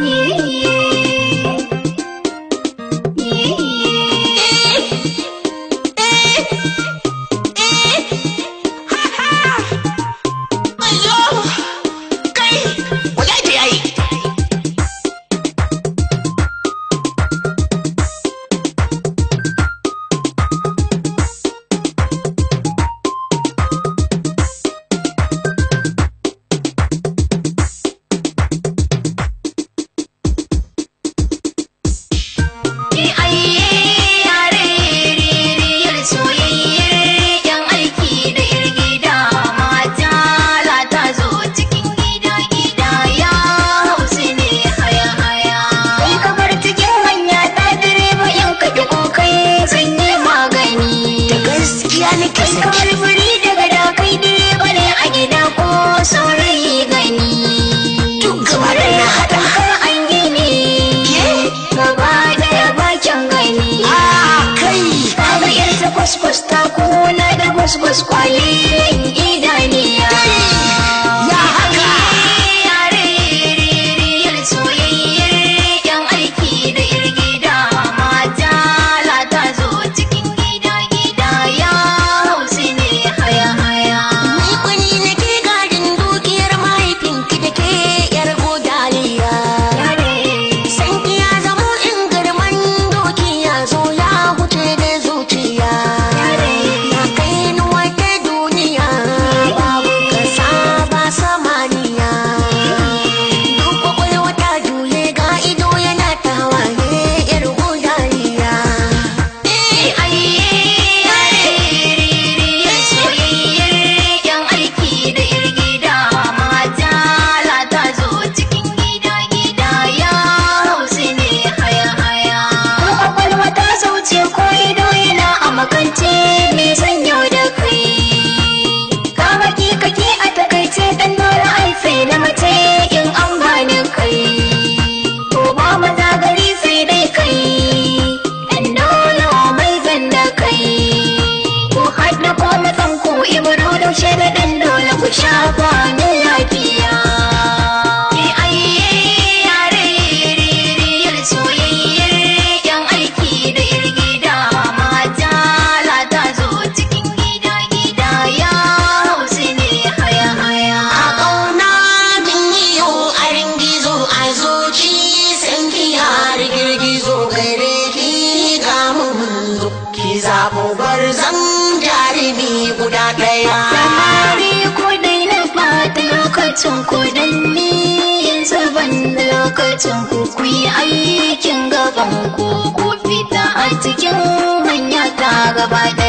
你。Christmas, Quiley. mu bar zan jarumi guda ɗaya. Samari ko dai na fata lokacin ko dan ni yanzu lokacin ku ku yi aikin gaban ku fita a cikin hanya ta gaba